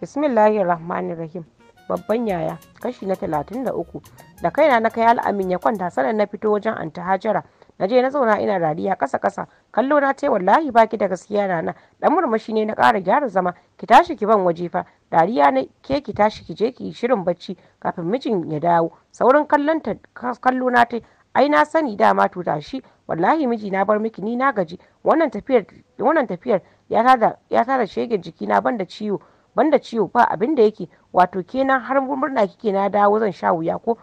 bismillahi rahmani rahim babban yaya kashi na talatin da uku da kaina na kai al'amin ya kwanta sanan na fito wajen ta hajara na je na zauna ina dariya kasa kasa kallo na ce wallahi baki da gaskiya na na dan murmushi ne na ƙara gyara zama ki tashi ki ban waje fa dariya ne ke ki tashi ki je ki shirin bacci kafin mijin ya dawo saurin kallo na ta ai na sani dama to tashi wallahi miji na bar miki ni na gaji wannan tafiyar wannan tafiyar ya tada ya tada shege jiki na banda ciwo wanda ciwo ba abin da yake wato kenan har murna kike na dawo zan sha wuya ko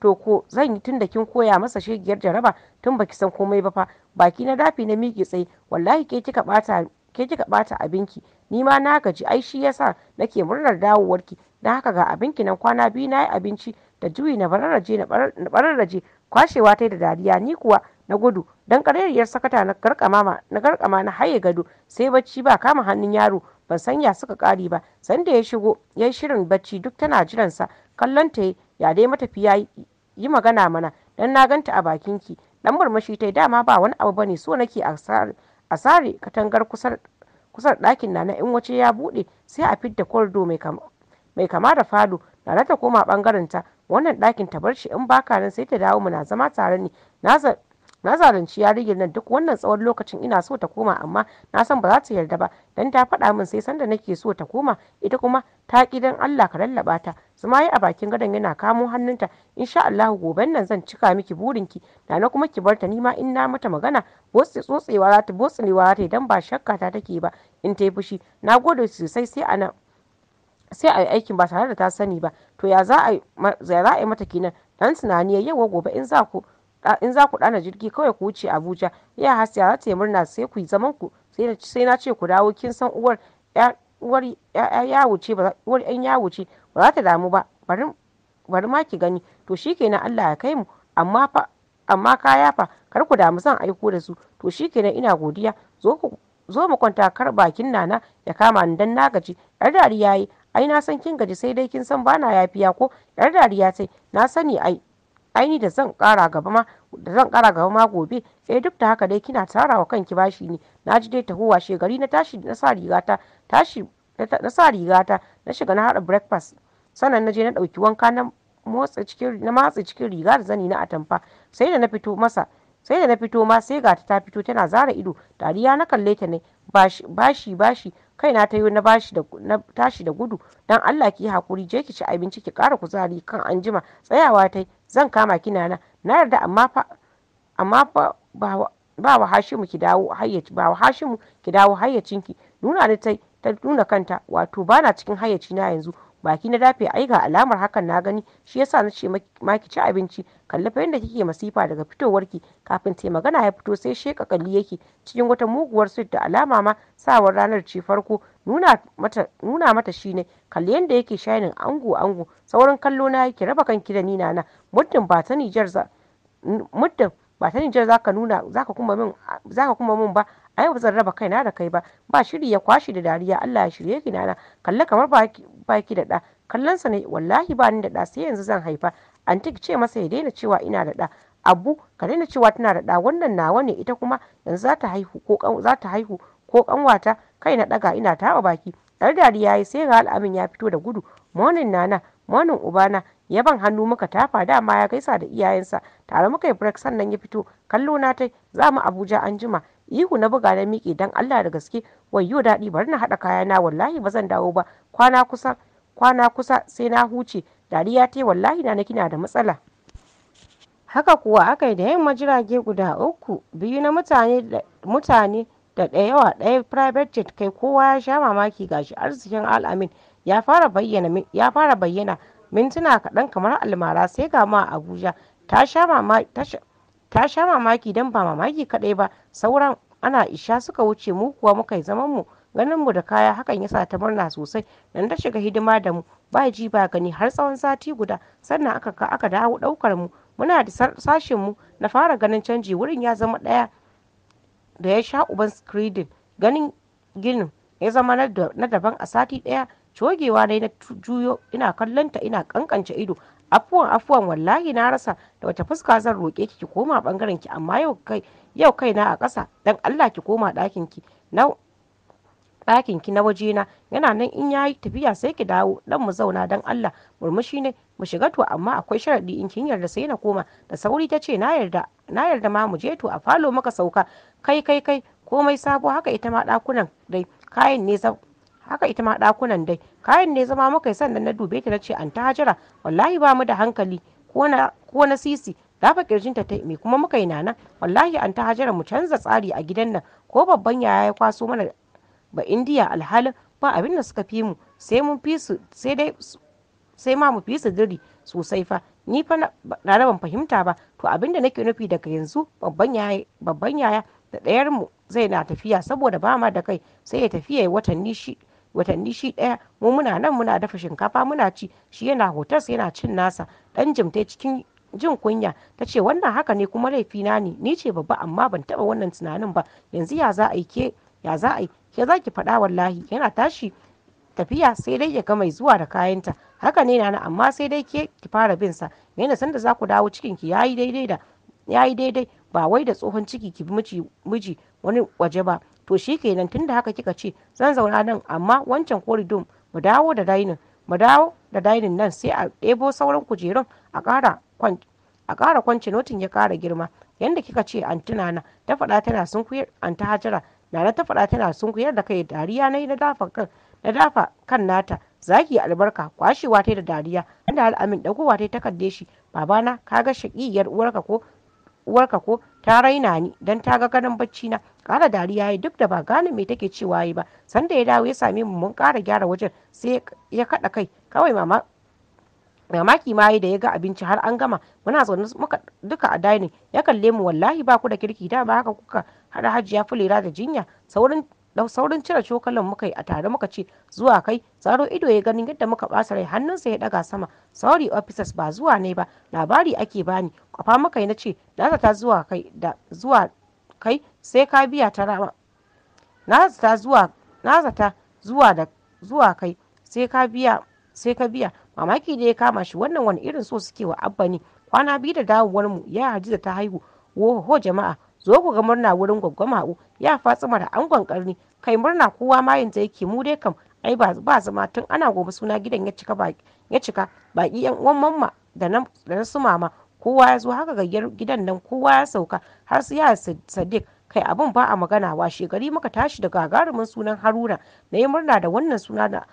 to ko zan yi tun da kin koya masa shegiyar jaraba tun baki san komai ba fa baki na dafi na miƙe tsaye wallahi ke kika bata ke kika bata abinki ni ma na gaji ai shi yasa nake murnar dawowarki dan haka ga abinki nan kwana biyu na yi abinci da juyi na bararraje na bararraje kwashewa ta da dariya ni kuwa na gudu dan kareriyar sakata na garkama na garkama na haye gado sai bacci ba kama hannun yaro ban san ya suka kare ba sanda ya shigo ya shirin bacci duk tana jiransa kallon ta ya dai matafiya yi magana mana dan na ganta a bakin ki dan murmushi ta dama ba wani abu bane so nake a sare katangar kusar kusar ɗakin nana in wace ya buɗe sai a fidda kordo mai mai kama da falo na ta koma ɓangaren ta wannan ɗakin ta bar shi in baka nan sai ta dawo mu na zama tare ne na zalunci yarinyar nan duk wannan tsawon lokacin ina so ta koma amma na san ba za ta yarda ba dan ta faɗa min sai sanda nake so ta koma ita kuma ta ki dan Allah ka lallaba ta zuma yi a bakin gadon yana kamo hannunta insha Allah goben nan zan cika miki burinki da na kuma ki bar ta nima in na mata magana botsi tsotsewa za ta botsilewa za ta idan ba shakka ta take ba in ta yi fushi na gode sosai sai a nan sai a aikin ba tare da ta sani ba to ya za a yi mata kenan dan tunani yawa gobe in za ku in za ku ɗana jirgi kawai ku wuce abuja ya hasiya za ta yi murna sai ku yi zaman ku sai na ce ku dawo kin san uwar uwar ya wuce ba yan ya wuce ba za ta damu ba bari ma ki gani to shikenan Allah ya kai mu amma fa amma kaya fa kar ku damu zan aiko da su to shikenan ina godiya zo ku zo mu kwanta kar bakin nana ya kama ni dan na gaji yar dariya yi ai na san kin gaji sai dai kin san bana yafiya ko yar dariya sai na sani ai aini da zan kara gaba ma da zan kara gaba ma gobe sai eh, duk da haka dai kina tarawa wa kanki bashi ne na ji dai tahowa shegari na tashi na sa rigata tashi na sa rigata na shiga na hada breakfast sannan na je na ɗauki wanka na motsa cikin na matsa cikin riga da zani na atamfa sai da na fito masa sai da na fito ma sai ga ta fito tana zara ido dariya na kalle ta ne bashi bashi kai na tayo na bashi da na tashi da gudu dan Allah ki hakuri je ki ci abinci ki kara kuzari kan anjima tsayawa tai zan kama ki nana na yarda amma fa amma fa ba wa Hashimu ki dawo hayyaci ba wa Hashimu ki dawo hayyacinki nuna ni tai ta nuna kanta wato bana cikin hayyaci na yanzu baki na dafe ai ga alamar hakan na gani shi yasa na ce ma ci abinci kalli fa yadda kike masifa daga fitowarki kafin ta magana ya fito sai sheka kalli yake cikin wata muguwar suit da alama ma sawar ranar ce farko nuna mata shi ne kalli yadda yake shayin ango ango saurin kallo na yake raba kanki da ni na muddin ba ta Nijar za ka nuna za kuma min kuma min ba ai ba zan raba kai na da kai ba ba shiri ya kwashi da dariya Allah ya shirye ki nana kalle kamar baki da da kallonsa ne wallahi ba ni da da sai yanzu zan haifa antik ce masa ya daina cewa ina da da abu ka daina cewa tana da da wannan nawa ne ita kuma yanzu za ta haihu ko kanwata kai na ɗaga ina tawa baki dar dariya yi sai ga al'amin ya fito da gudu monin nana monin ubana ya ban hannu muka tafa dama ya gaisa da iyayensa tare muka yi break sannan ya fito kallo na tai za mu abuja an jima ihu na buga na miƙe dan allah da gaske wayyo daɗi bari na haɗa kayana wallahi ba zan dawo ba kwana kusa kwana kusa sai na huce dari dariya tai wallahi na kina da matsala haka kuwa aka yi da yamma jirage guda uku biyu na mutane da ɗaya wa ɗaya private jet kai kowa ya sha mamaki gashi arzikin al'amin ya fara bayyana mintuna kaɗan kamar almara sai ga ma abuja ta sha mamaki don ba mamaki kaɗai ba sauran ana isha suka wuce mu kuwa muka yi zaman mu ganin mu da kaya hakan yasa ta murna sosai dan ta shiga hidima da mu ba ji ba gani har tsawon sati guda sannan aka aka dawo daukar mu muna da sashen mu na fara ganin canji wurin ya zama daya da ya sha uban skridin ganin ginin ya zama na daban a sati ɗaya cogewa na na juyo ina kallonta ina kankance ido afuwan afuwan wallahi na rasa da wata fuska zan roƙe ki ki koma ɓangaren ki amma yau kai yau kaina a ƙasa dan Allah ki koma ɗakin ki ɗakin ki na waje na yana nan in yayi tafiya sai ki dawo dan mu zauna dan Allah murmushi ne mu shiga to amma akwai sharadi in kin yarda sai na koma da sauri ta ce na yarda na yarda ma mu je to a falo maka sauka kai kai kai komai sabo haka ita ma ɗakunan dai kayan ne haka ita ma ɗakunan dai kayan ne zama muka yi sannan na dube ta na ce an ta hajara wallahi ba mu da hankali ko na sisi dafa kirjinta ta me kuma muka yi nana wallahi an ta hajara mu canza tsari a gidan nan ko babban yaya ya kwaso mana ba indiya alhalin ba abin da suka fi mu sai mun fi su sai dai sai ma mu fi su diri sosai fa ni fa na ban fahimta ba to abin da nake nufi daga yanzu babban yaya babban yaya da ɗayar mu zai na tafiya saboda ba ma da kai sai ya tafiya watanni shi watanni shi ɗaya mu muna nan muna dafa shinkafa muna ci shi yana hotas yana cin nasa dan jimta cikin jin kunya ta ce wannan haka ne kuma laifina ne ni ce babba amma ban taba wannan tunanin ba yanzu ya za a yi ke ya za a yi ke za ki faɗa wallahi yana tashi tafiya sai dai ya ga mai zuwa da kayanta haka ne nana amma sai dai ke ki fara bin sa yana sanda za ku dawo cikin ki yayi daidai da yayi daidai ba wai da tsohon ciki ki miji miji wani waje ba to shi kenan tunda haka kika ce zan zauna nan amma wancan koridon mu dawo da dining mu dawo da dining nan sai a ɗebo sauran kujerun a ƙara a ƙara kwanci notin ya ƙara girma yanda kika ce an tunana ta faɗa tana sun kuyar an ta hajara Nana ta faɗa tana kuyar da kai dariya na yi na dafa kan nata zaki albarka kwashewa ta da dariya inda al'amin dagowa ta takarde shi babana kaga shakiyar uwarka ko uwarka ko ta raina ni dan ta ga ganin bacci na kara dariya yi duk da ba gane me take cewa yi ba sanda ya dawo ya same mu mun kara gyara wajen sai ya kada kai kawai mama mamaki ma da ya ga abinci har an gama muna zaune muka duka a dining ya kalle mu wallahi ba ku da kirki da ba haka kuka har hajiya fulera da jinya saurin da saurin cire cokalin muka yi a tare muka ce zuwa kai tsaro ido ya ganin yadda muka basa rai hannunsa ya daga sama sorry officers ba zuwa ne ba labari ake bani kwafa muka yi na ce na ta zuwa kai da zuwa kai sai ka biya ta rama na ta zuwa na ta zuwa da zuwa kai sai ka biya sai ka biya mamaki da ya kama shi wannan wani irin so suke wa abba ne kwana biyu da dawowar mu ya haji da ta haihu wo ho jama'a zo ku ga murna wurin gwaggwama ha'u ya fatsima da angon karni kai murna kowa mayin ta yake mu dai kam ai ba zama tun ana gobe suna gidan ya cika baki ya yan uwan mamma da na su mama kowa ya zo haka gayyar gidan nan kowa ya sauka har su ya sadiq kai abun ba a magana wa gari muka tashi da gagarumin sunan haruna na yi murna da wannan suna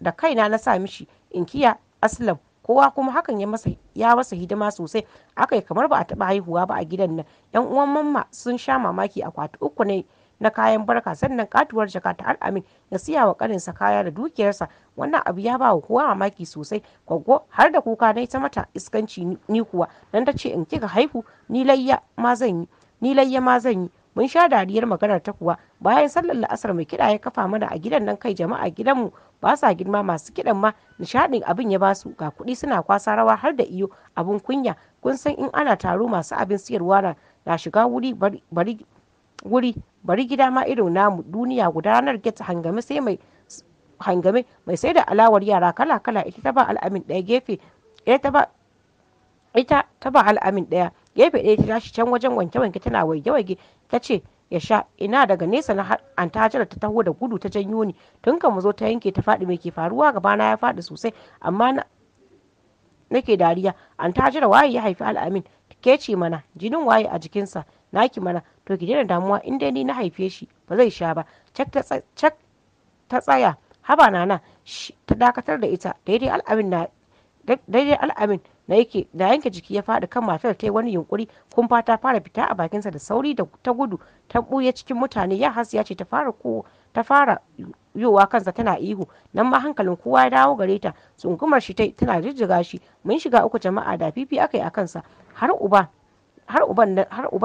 da kaina na sa mishi inkiya aslam kowa kuma hakan ya masa ya masa hidima sosai aka yi kamar ba a taba haihuwa ba a gidan nan yan uwan mamma sun sha mamaki akwati uku ne na kayan barka sannan katuwar jaka ta al'amin ya siya wa karinsa kaya da dukiyarsa wannan abu ya ba wa kowa mamaki sosai kwaggo har da kuka na ta mata iskanci ni kuwa nan ta ce in kika haihu ni layya ma zan yi ni layya ma zan yi mun sha dariyar maganar ta kuwa bayan sallar la'asar mai kiɗa ya kafa mana a gidan nan kai jama'a gidanmu ba sa girma masu kiɗan ma nishaɗin abin ya basu ga kuɗi suna kwasa rawa har da iyo abin kunya kun san in ana taro masu abin siyarwa na shiga wuri bari wuri bari gida ma irin namu duniya guda ranar get hangame sai mai hangame mai sai da alawar yara kala kala ita ta ba al'amin ɗaya gefe ita ta ba al'amin ɗaya gefe ɗaya ta tashi can wajen wanke wanke tana waige waige ta ce ya sha ina daga nesa na ta jira ta taho da gudu ta janyo ni tun kan mu zo ta yanke ta faɗi mai ke faruwa gaba na ya faɗi sosai amma na nake dariya an ta jira waye ya haifi al'amin ke ce mana jinin waye a jikinsa naki mana to ki daina damuwa in dai ni na haife shi ba zai sha ba cak ta tsaya haba nana ta dakatar da ita daidai al'amin na daidai al'amin na da yanke jiki ya faɗi kan matar ta yi wani yunkuri kumfa ta fara fita a bakinsa da sauri da ta gudu ta buya cikin mutane ya ya ce ta fara ta fara yowa kansa tana ihu nan ma hankalin kowa ya dawo gare ta tsungumar shi tana jijjiga shi mun shiga uku jama'a da fifi aka yi a kansa har uba har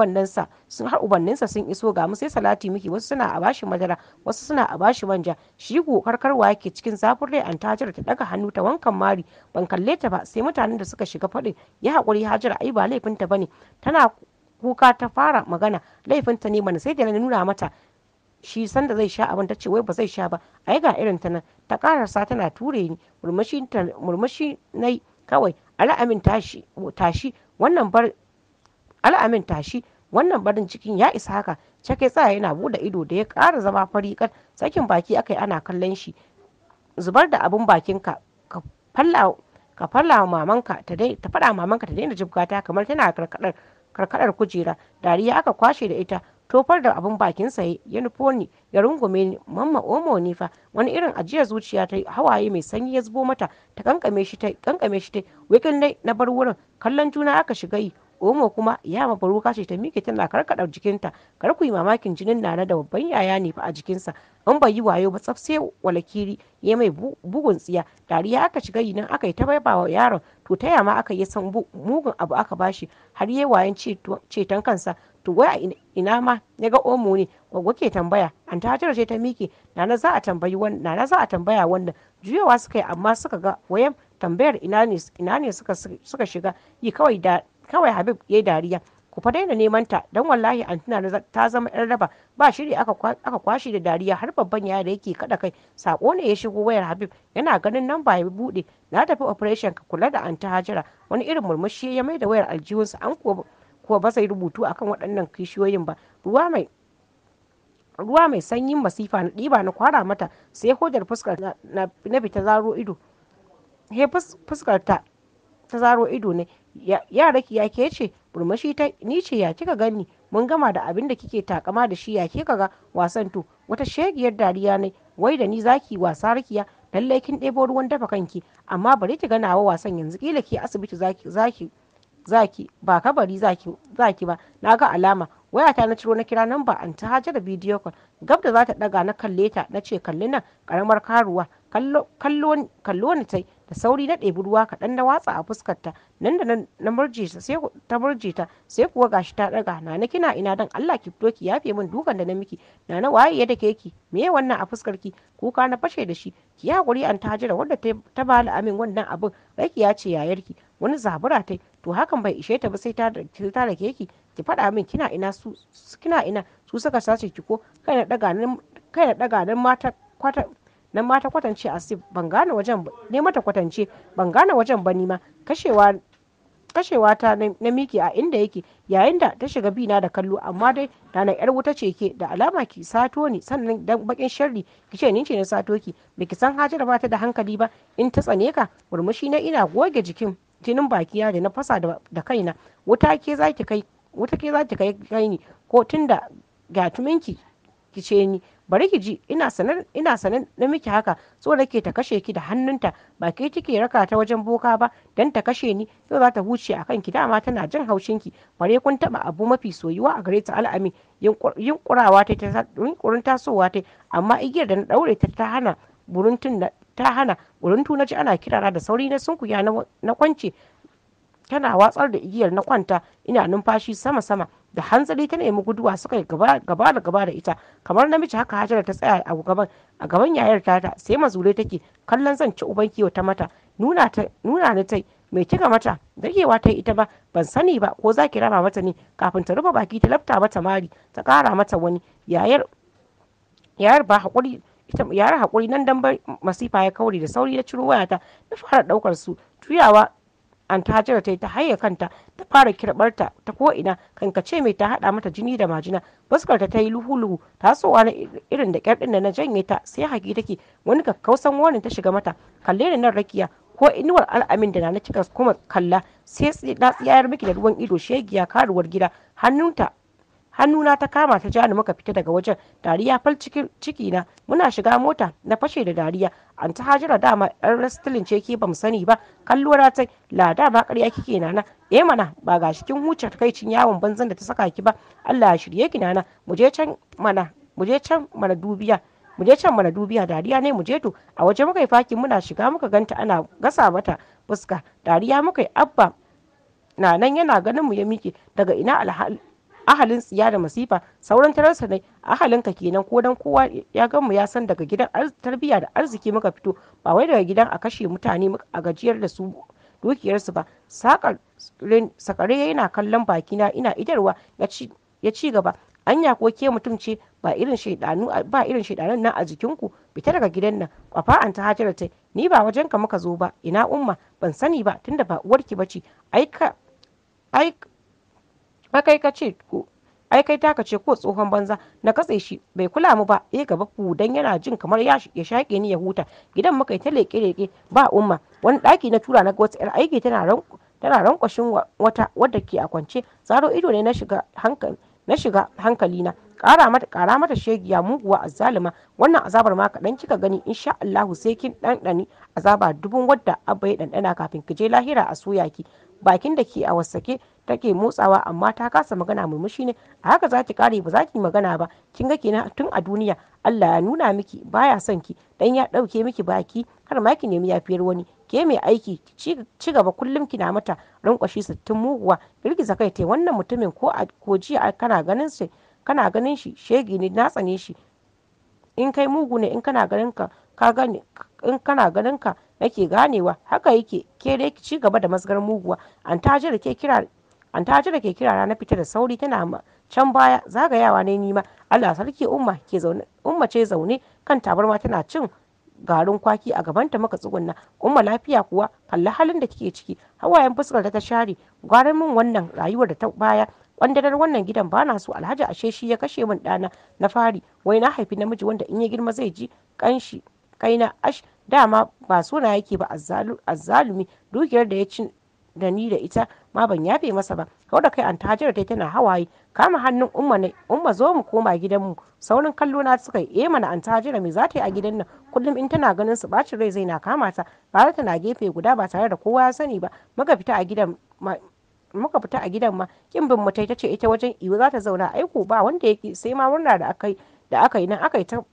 nansa sun har ubanninsa sun iso ga mu sai salati miki wasu suna a bashi madara wasu suna a bashi manja shi karkarwa yake cikin zafin rai an tajar ta daga hannu ta wankan mari ban kalle ta ba sai mutanen da suka shiga fadin ya haƙuri hajira ai ba laifinta bane tana kuka ta fara magana laifinta ne mana sai da na nuna mata shi sanda zai sha abin ta ce wai ba zai sha ba ai ga irin ta nan ta karasa tana ture ni murmushi nai kawai ala'amin tashi tashi wannan bar al'amin tashi wannan barin cikin ya isa haka cake tsaya yana bude ido da ya kara zama fariƙar sakin baki aka ana kallon shi zubar da abun bakin ka falla ka falla mamanka ta dai ta fada mamanka ta daina jibgata kamar tana karkadar karkadar kujera dariya aka kwashe da ita tofar da abun bakin sa ya nufo ni ya rungume ni mamma omo ni fa wani irin ajiyar zuciya ta hawaye mai sanyi ya zubo mata ta kankame shi ta kankame shi ta wikin na bar wurin kallon juna aka shiga yi Omo kuma ya mabaruka ce ta miƙe tana karkaɗa jikinta. Kar ku yi mamakin jinin Nana da babban yaya ne fa a jikinsa. an bai yi wayo ba tsaf sai walakiri ya mai bugun tsiya. ya aka shiga yi aka yi ta baibawa yaron to ta yama aka yi san mugun abu aka bashi har yayi wayan ceton kansa. To wai a ina ma ya ga omo ne gwaggo ke tambaya an ta ce ta miƙe nana za a tambayi wannan nana za a tambaya wannan juyawa suka yi amma suka ga wayan tambayar ina ne suka shiga yi kawai da kawai habib ya yi dariya ku fa daina neman ta dan wallahi antina ta zama yar raba ba shiri aka kwashi da dariya har babban yaya da yake kada kai sako ne ya shigo wayar habib yana ganin nan ba ya bude na tafi operation ka kula da anta hajara wani irin murmushi ya mai da wayar aljihunsa an kuwa ba sai rubutu akan waɗannan kishiyoyin ba ruwa mai ruwa mai sanyin masifa na ɗiba na kwara mata sai hodar fuskar na fita zaro ido he fuskar ta ta zaro ido ne ya ki ke ce burmashi ta ni ce ya kika gani mun gama da abin da kike takama da shi ya ke kaga wasan to wata shegiyar dariya ne wai da ni zaki wasa rakiya lallai kin debo ruwan dafa kanki amma bari ki ga nawa wasan yanzu kila ki asibiti zaki zaki zaki ba kabari zaki zaki ba na ga alama wayata na ciro na kira number an ta hajar bidiyo call gab da za ta daga na kalle ta na ce kalli nan karamar karuwa kallo kallo ne tai da sauri na ɗebi ruwa kaɗan na watsa a fuskarta nan da nan na murje ta sai ta murje ta sai kuwa gashi ta ɗaga na na kina ina dan Allah ki fito ki yafe min dukan da na miki na na waye ya dake ki me wannan a fuskar ki kuka na fashe da shi ki hakuri an ta jira wanda ta bala amin wannan abin ya ce yayarki wani zabura tai to hakan bai ishe ta ba sai ta ta rake ki ki faɗa min kina ina su kina ina su suka sace ki ko kai na daga nan kai na ɗaga nan mata nan ma ta kwatance sif ban gane wajen ne mata kwatance ban gane wajen ba nima kashewa ta na miki a inda yake yayin da ta shiga bina da kallo amma dai na na yar wuta ce ke da alama ki sato ni sannan dan bakin sharri ki ce ni ce na sato ki baki san hajara ba ta da hankali ba in ta tsane ka murmushi na ina goge jikin jinin bakiya da na fasa da kaina wuta ke za ki kai wuta ke za ki kai ni ko tunda gatuminki ce ni bari ki ji ina sane ina na miki haka so nake ta kashe ki da hannunta ba ke kike raka ta wajen boka ba dan ta kashe ni yau za ta huce a ki dama tana jin haushin ki bare kun taba abu mafi soyuwa a gare ta al'amin yunkurawa ta yunkurin tasowa ta amma igiyar da na daure ta ta hana buruntun ta hana buruntu na ji ana kirara da sauri na sunkuya na kwance tana watsar da igiyar na kwanta ina numfashi sama-sama da hanzari ta nemi guduwa suka yi gaba da gaba da ita kamar namiji haka hajara ta tsaya a gaban a gaban yayar tata sai mazure take kallon zan ci uban kiwo ta mata nuna ta ni tai mai kika mata dagewa ta ita ba ban sani ba ko za ki raba mata ne kafin ta rufe baki ta lafta mata mari ta kara mata wani yayar yayar ba hakuri ita yayar hakuri nan dan masifa ya kauri da sauri ya ciro wayata na fara daukar su tuyawa an ta hajara ta yi ta haye kanta ta fara kirɓarta ta ko ina kankace mai ta haɗa mata jini da majina fuskarta ta yi luhu-luhu ta sowa na irin da kyar da na janye ta sai haki take wani kakkausan wani ta shiga mata kalle da nan rakiya ko inuwar al'amin da na cika kuma kalla sai tsiyayar miki da ruwan ido shegiya karuwar gida hannunta hannuna ta kama ta jani muka fita daga wajen dariya fal ciki na muna shiga mota na fashe da dariya an ta hajira dama yan restilin ce ke bamu sani ba kallo ta lada ba karya kike nana eh mana ba cikin kin huce cin yawon banzan da ta saka ki ba Allah ya shirye ki nana mu je can mana mu can mana dubiya mu can mana dubiya dariya ne muje to a waje muka yi faki muna shiga muka ganta ana gasa mata fuska dariya muka abba na nan yana ganin mu ya miki daga ina alhali ahalin tsiya da masifa sauran tararsa ne ahalinka kenan ko dan kowa ya gamu ya san daga gidan tarbiyya da arziki muka fito ba wai daga gidan a kashe mutane a gajiyar da su dukiyarsu ba sakare yana kallon bakina ina idarwa ya ci gaba anya ko ke mutum ce ba irin shaidanu ba irin shaidanan nan a jikinku fita daga gidan nan kwafa an ta hajara ta ni ba wajenka muka zo ba ina umma ban sani ba tunda ba uwarki bace aika aika ka kai ka ce ko ai kai taka ce ko tsohon banza na katse shi bai kula mu ba eh gaba ku dan yana jin kamar ya shake ni ya huta gidan muka yi ta leke leke ba umma wani daki na tura na ga wata yar aiki tana ran tana rankwashin wata wadda ke a kwance tsaro ido ne na shiga hankali na shiga na kara mata kara mata shegiya muguwa azzalima wannan azabar ma kaɗan kika gani insha Allahu sai kin ɗanɗani azaba dubun wadda abai ya ɗanɗana kafin ki lahira a soyaki. bakin da ke a wasake take motsawa amma ta kasa magana murmushi ne a haka za ki kare ba za ki magana ba kin ga kenan tun a duniya Allah ya nuna miki baya son ki dan ya dauke miki baki har ma ki nemi yafiyar wani ke mai aiki ci gaba kullum kina mata rankwashi sittin muguwa girgiza kai te wannan mutumin ko a koji jiya kana ganin shi kana ganin shi shege ne na tsane shi in kai mugu ne in kana ganin ka ka gani in kana ganin ka nake ganewa haka yake ke dai ki ci gaba da masgar muguwa an tajira ke kira an ke kira na fita da sauri tana can baya zagayawa ne nima Allah sarki umma ke zaune umma ce zaune kan tabarma tana cin garin kwaki a gabanta maka tsugunna umma lafiya kuwa kalli halin da kike ciki hawayen fuskar ta share gwarin min wannan rayuwar da ta baya kwandalar wannan gidan bana so alhaji ashe shi ya kashe mun dana na fari wai na haifi namiji wanda in ya girma zai ji kanshi kai na ash dama ba sona yake ba a zalumi dukiyar da ya ci da ni da ita ma ban yafe masa ba kau da kai an tajira ta tana hawaye kama hannun umma ne umma zo mu koma gidanmu saurin kallo na suka yi eh mana an tajira me za ta yi a gidan nan kullum in tana ganin su bacin rai zai na kama ta ba tana gefe guda ba tare da kowa ya sani ba muka fita a gidan muka fita a gidan ma kin bin mutai ta ce ita wajen iwo za ta zauna aiko ba wanda yake sai ma murna da aka yi da aka yi nan aka yi ta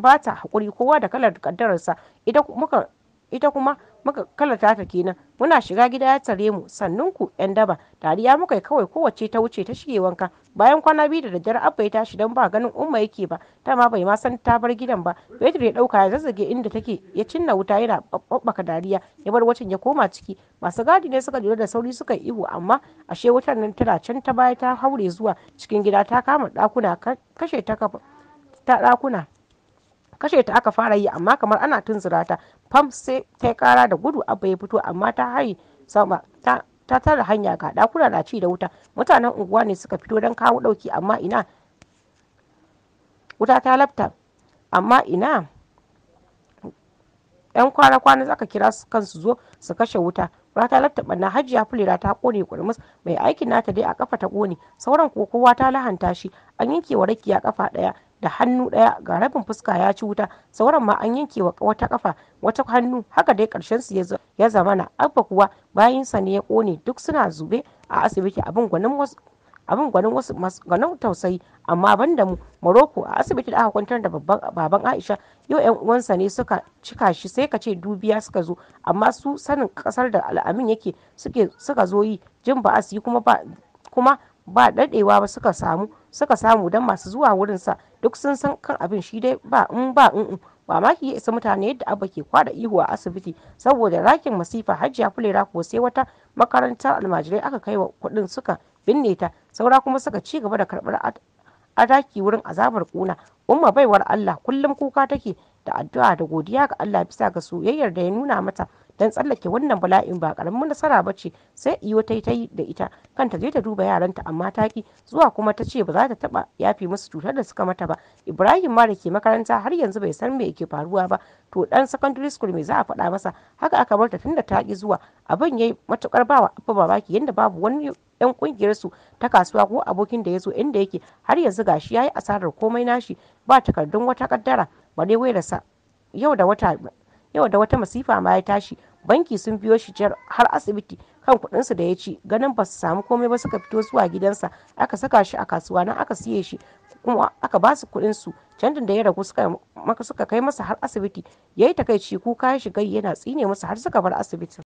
ba ta haƙuri kowa da kalar kaddararsa ita kuma muka ta ta kenan muna shiga gida ya tare mu sannunku yan daba dariya muka yi kawai kowace ta wuce ta shige wanka bayan kwana biyu da daddare abba ya tashi don ba ganin umma yake ba ta ma bai ma san ta bar gidan ba Betul ya dauka ya zazzage inda take ya cinna wuta yana babbaka dariya ya bar wacin ya koma ciki masu gadi ne suka lura da sauri suka yi ihu amma ashe wutar nan tana can ta baya ta haure zuwa cikin gida ta kama dakuna kashe ta kafa ta dakuna kashe ta aka fara yi amma kamar ana tunzura ta fam sai ta kara da gudu abba ya fito amma ta hari sama ta tara hanya ga dakuna na ci da wuta mutanen unguwa ne suka fito don kawo dauki amma ina wuta ta lafta amma ina yan kwana kwana zaka kira su kansu zo su kashe wuta rata lafta banna hajiya fulera ta kone kurmus mai aikin nata dai a ƙafa ta kone sauran kuwa kowa ta lahanta shi an yanke wa rakiya kafa ɗaya. da hannu ɗaya ga rabin fuska ya ci wuta sauran ma an yanke wa wata kafa wata hannu haka dai ƙarshen su ya zamana abba kuwa sa ne ya kone duk suna zube a asibiti abin gwanin wasu abin gwanin wasu ganin tausayi amma banda mu Morocco a asibiti da aka kwantar da baban Aisha yau yan uwansa ne suka cika shi sai ka ce dubiya suka zo amma su sanin kasar da al'amin yake suke suka zo yi jin ba yi kuma ba kuma ba daɗewa ba suka samu suka samu don masu zuwa wurinsa duk sun san kan abin shi dai ba in ba in ba ma ki isa mutane yadda abba ke kwada ihu a asibiti saboda rakin masifa hajiya fulera ko sai wata makarantar almajirai aka kai wa kuɗin suka binne ta saura kuma suka ci gaba da karɓar adaki wurin azabar kuna umma baiwar allah kullum kuka take da addu'a da godiya ga allah bisa ga soyayyar da ya nuna mata don tsallake wannan bala'in ba karamin nasara ba ce sai iyo ta yi ta yi da ita kanta ta je ta duba yaranta amma ta ki zuwa kuma ta ce ba za ta taba yafi musu cutar da suka mata ba ibrahim ma da ke makaranta har yanzu bai san me yake faruwa ba to dan secondary school me za a faɗa masa haka aka bar ta tunda ta ki zuwa abin yayi matukar bawa abba babaki yanda babu wani yan kungiyar su ta kasuwa ko abokin da ya zo inda yake har yanzu gashi yayi asarar komai nashi ba takardun wata kaddara bare wayarsa yau da wata yau da wata masifa ma ya tashi banki sun biyo shi jar har asibiti kan su da ya ci ganin ba su samu komai ba suka fito zuwa gidansa aka saka shi a kasuwa nan aka siye shi kuma aka ba su kuɗin su canjin da ya ragu suka kai masa har asibiti ya yi takaici kuka ya shiga yana tsine masa har suka bar asibitin